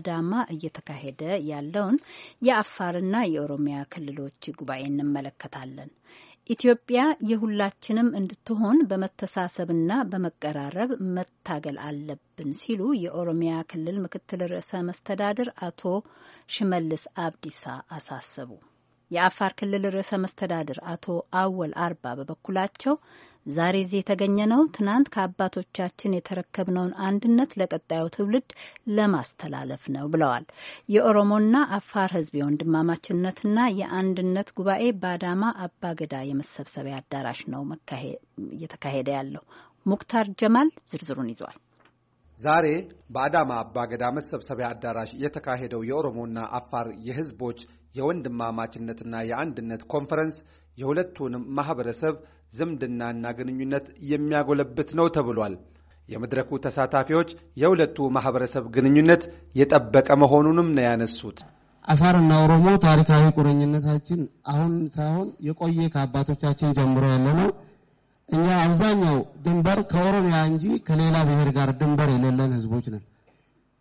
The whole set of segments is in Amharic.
አዳማ እየተካሄደ ያለውን የአፋርና የኦሮሚያ ክልሎች ጉባኤ እንመለከታለን። ኢትዮጵያ የሁላችንም እንድትሆን በመተሳሰብና በመቀራረብ መታገል አለብን ሲሉ የኦሮሚያ ክልል ምክትል ርዕሰ መስተዳድር አቶ ሽመልስ አብዲሳ አሳሰቡ። የአፋር ክልል ርዕሰ መስተዳድር አቶ አወል አርባ በበኩላቸው ዛሬ እዚህ የተገኘ ነው ትናንት ከአባቶቻችን የተረከብነውን አንድነት ለቀጣዩ ትውልድ ለማስተላለፍ ነው ብለዋል። የኦሮሞና አፋር ሕዝብ የወንድማማችነትና የአንድነት ጉባኤ በአዳማ አባገዳ የመሰብሰቢያ አዳራሽ ነው እየተካሄደ ያለው። ሙክታር ጀማል ዝርዝሩን ይዟል። ዛሬ በአዳማ አባገዳ መሰብሰቢያ አዳራሽ የተካሄደው የኦሮሞና አፋር የህዝቦች የወንድማማችነትና የአንድነት ኮንፈረንስ የሁለቱንም ማህበረሰብ ዝምድናና ግንኙነት የሚያጎለብት ነው ተብሏል። የመድረኩ ተሳታፊዎች የሁለቱ ማህበረሰብ ግንኙነት የጠበቀ መሆኑንም ነው ያነሱት። አፋርና ኦሮሞ ታሪካዊ ቁርኝነታችን አሁን ሳይሆን የቆየ ከአባቶቻችን ጀምሮ ያለ ነው። እኛ አብዛኛው ድንበር ከኦሮሚያ እንጂ ከሌላ ብሔር ጋር ድንበር የሌለን ህዝቦች ነን።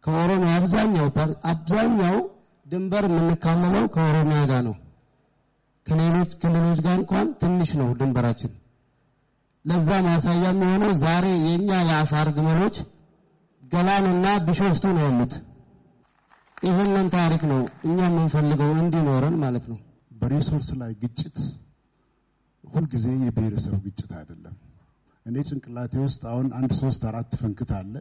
ከኦሮሚያ አብዛኛው አብዛኛው ድንበር የምንካለለው ከኦሮሚያ ጋር ነው። ከሌሎች ክልሎች ጋር እንኳን ትንሽ ነው ድንበራችን። ለዛ ማሳያ የሚሆነው ዛሬ የኛ የአፋር ግመሎች ገላንና ቢሾፍቱ ነው ያሉት። ይህንን ታሪክ ነው እኛ የምንፈልገው እንዲኖረን ማለት ነው። በሪሶርስ ላይ ግጭት ሁልጊዜ የብሔረሰብ ግጭት አይደለም። እኔ ጭንቅላቴ ውስጥ አሁን አንድ ሶስት አራት ፈንክት አለ።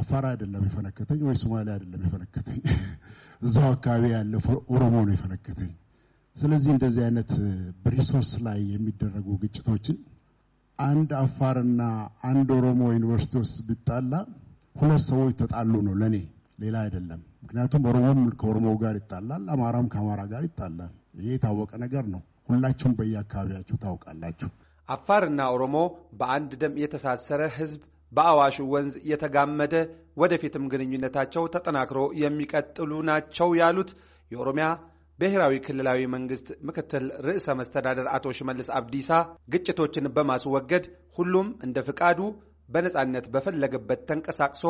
አፋር አይደለም የፈነከተኝ ወይ ሶማሌ አይደለም የፈነከተኝ፣ እዛው አካባቢ ያለ ኦሮሞ ነው የፈነከተኝ። ስለዚህ እንደዚህ አይነት በሪሶርስ uh, ላይ የሚደረጉ ግጭቶችን አንድ አፋርና አንድ ኦሮሞ ዩኒቨርሲቲ ውስጥ ቢጣላ ሁለት ሰዎች ተጣሉ ነው ለኔ፣ ሌላ አይደለም። ምክንያቱም ኦሮሞም ከኦሮሞ ጋር ይጣላል፣ አማራም ከአማራ ጋር ይጣላል። ይሄ የታወቀ ነገር ነው። ሁላችሁም በየአካባቢያችሁ ታውቃላችሁ። አፋርና ኦሮሞ በአንድ ደም የተሳሰረ ህዝብ በአዋሹ ወንዝ የተጋመደ ወደፊትም ግንኙነታቸው ተጠናክሮ የሚቀጥሉ ናቸው ያሉት የኦሮሚያ ብሔራዊ ክልላዊ መንግስት ምክትል ርዕሰ መስተዳደር አቶ ሽመልስ አብዲሳ ግጭቶችን በማስወገድ ሁሉም እንደ ፍቃዱ በነጻነት በፈለገበት ተንቀሳቅሶ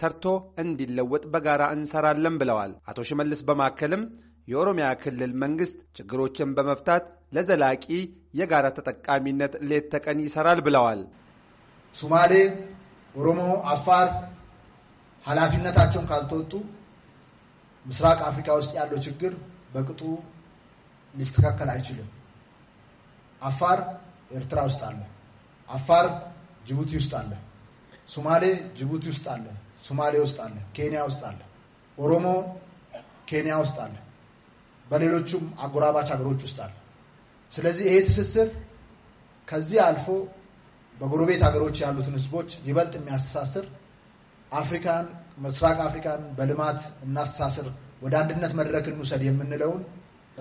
ሰርቶ እንዲለወጥ በጋራ እንሰራለን ብለዋል። አቶ ሽመልስ በማከልም የኦሮሚያ ክልል መንግስት ችግሮችን በመፍታት ለዘላቂ የጋራ ተጠቃሚነት ሌት ተቀን ይሰራል ብለዋል። ሱማሌ፣ ኦሮሞ፣ አፋር ኃላፊነታቸውን ካልተወጡ ምስራቅ አፍሪካ ውስጥ ያለው ችግር በቅጡ ሊስተካከል አይችልም። አፋር ኤርትራ ውስጥ አለ። አፋር ጅቡቲ ውስጥ አለ። ሶማሌ ጅቡቲ ውስጥ አለ። ሶማሌ ውስጥ አለ። ኬንያ ውስጥ አለ። ኦሮሞ ኬንያ ውስጥ አለ። በሌሎቹም አጎራባች ሀገሮች ውስጥ አለ። ስለዚህ ይሄ ትስስር ከዚህ አልፎ በጎረቤት ሀገሮች ያሉትን ህዝቦች ይበልጥ የሚያስተሳስር አፍሪካን ምስራቅ አፍሪካን በልማት እናስተሳስር፣ ወደ አንድነት መድረክ እንውሰድ የምንለውን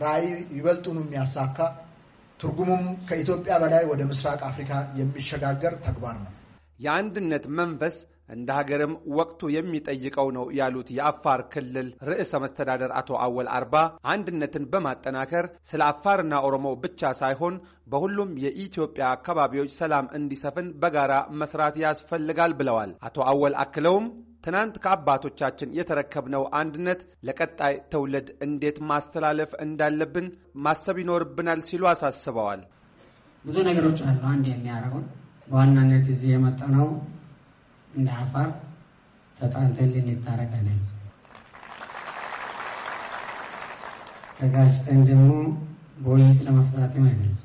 ራዕይ ይበልጡኑ የሚያሳካ ትርጉሙም ከኢትዮጵያ በላይ ወደ ምስራቅ አፍሪካ የሚሸጋገር ተግባር ነው። የአንድነት መንፈስ እንደ ሀገርም ወቅቱ የሚጠይቀው ነው ያሉት የአፋር ክልል ርዕሰ መስተዳደር አቶ አወል አርባ አንድነትን በማጠናከር ስለ አፋርና ኦሮሞ ብቻ ሳይሆን በሁሉም የኢትዮጵያ አካባቢዎች ሰላም እንዲሰፍን በጋራ መስራት ያስፈልጋል ብለዋል። አቶ አወል አክለውም ትናንት ከአባቶቻችን የተረከብነው አንድነት ለቀጣይ ትውልድ እንዴት ማስተላለፍ እንዳለብን ማሰብ ይኖርብናል ሲሉ አሳስበዋል። ብዙ ነገሮች አሉ አንድ የሚያደርጉን በዋናነት እዚህ የመጣ ነው እንደ አፋር ተጣልተልን ልንታረቅ አይደለም። ተጋጭተን ደግሞ በውይይት ለመፍታትም አይደለም።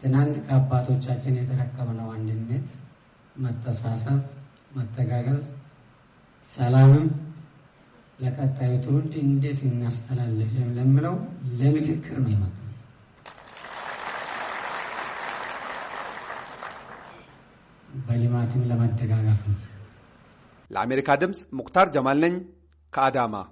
ትናንት ከአባቶቻችን የተረከብነው አንድነት፣ መተሳሰብ፣ መተጋገዝ፣ ሰላምም ለቀጣዩ ትውልድ እንዴት እናስተላልፍ ለምለው ለምክክር ነው ይመጣ በልማትም ለመደጋገፍ ነው። ለአሜሪካ ድምፅ ሙክታር ጀማል ነኝ ከአዳማ